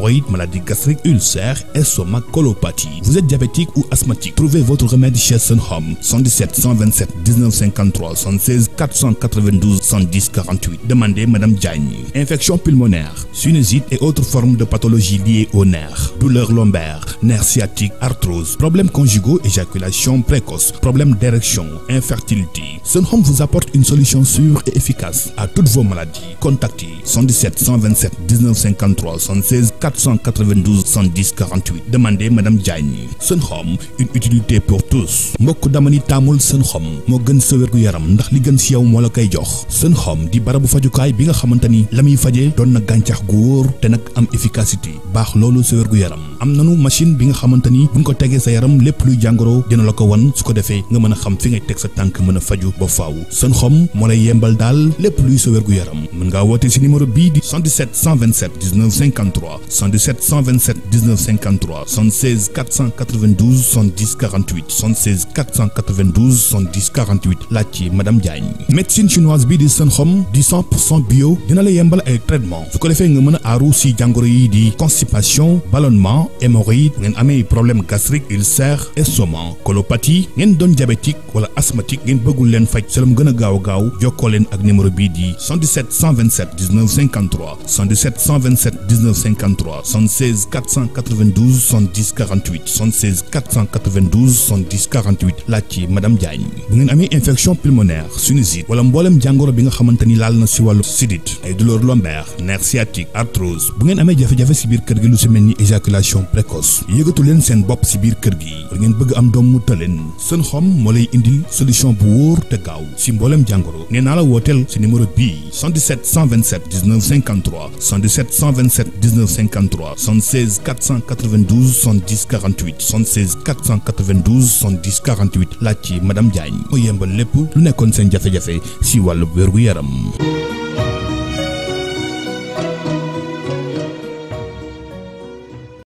thyroïde, maladie gastrique, ulcère, estomac, colopathie. Vous êtes diabétique ou asthmatique? Trouvez votre remède chez Sun Home. 77 127 19 53 76 492 110 48. Demandez Madame Diagne. Infection pulmonaire, sinusite et autres formes de pathologies liées aux nerfs. Douleurs lombaires, nerfs sciatiques, arthrose, problèmes conjugaux, éjaculation précoce, problèmes d'érection, infertilité. Sun vous apporte une solution sûre et efficace à toutes vos maladies. Contactez 492 70 48 demandez madame Diagne seen xom une utilité pour mbokk dama ni taamul seen xom moo gën sa wérgu yaram ndax li gën si yow moo la koy jox seen xom di barabu fajukaay bi nga xamante ni la muy faje doon na gàncax gu wóor te nag am efficacité baax loolu sa wérgu yaram am nanu machine bi nga xamante ni buñ ko tegee sa yaram lépp luy jàngoro dina la ko wan su ko defee nga mën a xam fi ngay teg sa tànk mën a faju ba faaw seen xom moo lay yembal daal lépp luy sa wérgu yaram mën ngaa woote si numéro bii di 77 127 19 53 77 127 19 53 76 492 70 48 76 492 70 48 laaj ci madame Diagne médecine chinoise bii di seen xom di 100 pour cent bio dina la yembal ay traitement su ko defee nga mën a aaru si jàngoro yi di constipation ballonnement hémorroïde ngeen amee problème gastrique ulcère estomac colopathie ngeen doon diabétique wala asthmatique ngeen bëggul leen faj selum gën gaaw gaaw jokkoo leen ak numéro bii di 77 127 19 53 77 madame Diagne bu ngeen amee infection pulmonaire sinusite wala mboolem jàngoro bi nga xamante ni laal na si wàllu sidit ay douleur lombaire nerf sciatique arthrose bu ngeen amee jafe-jafe si biir kër gi lu si mel ni éjaculation précoce yëgatu leen seen bopp si biir kër gi war ngeen bëgg am doom mu tëleen seen xom moo lay indil solution bu wóor te gaaw si mbooleem jàngoro nee naa la wooteel si numéro bii 77 127 19 53 77 127 19 53 76 492 70 48 76 492 70 48 laaj ci madame Diagne moo yembal lépp lu nekkoon seen jafe-jafe si wàllu wér-gu-yaram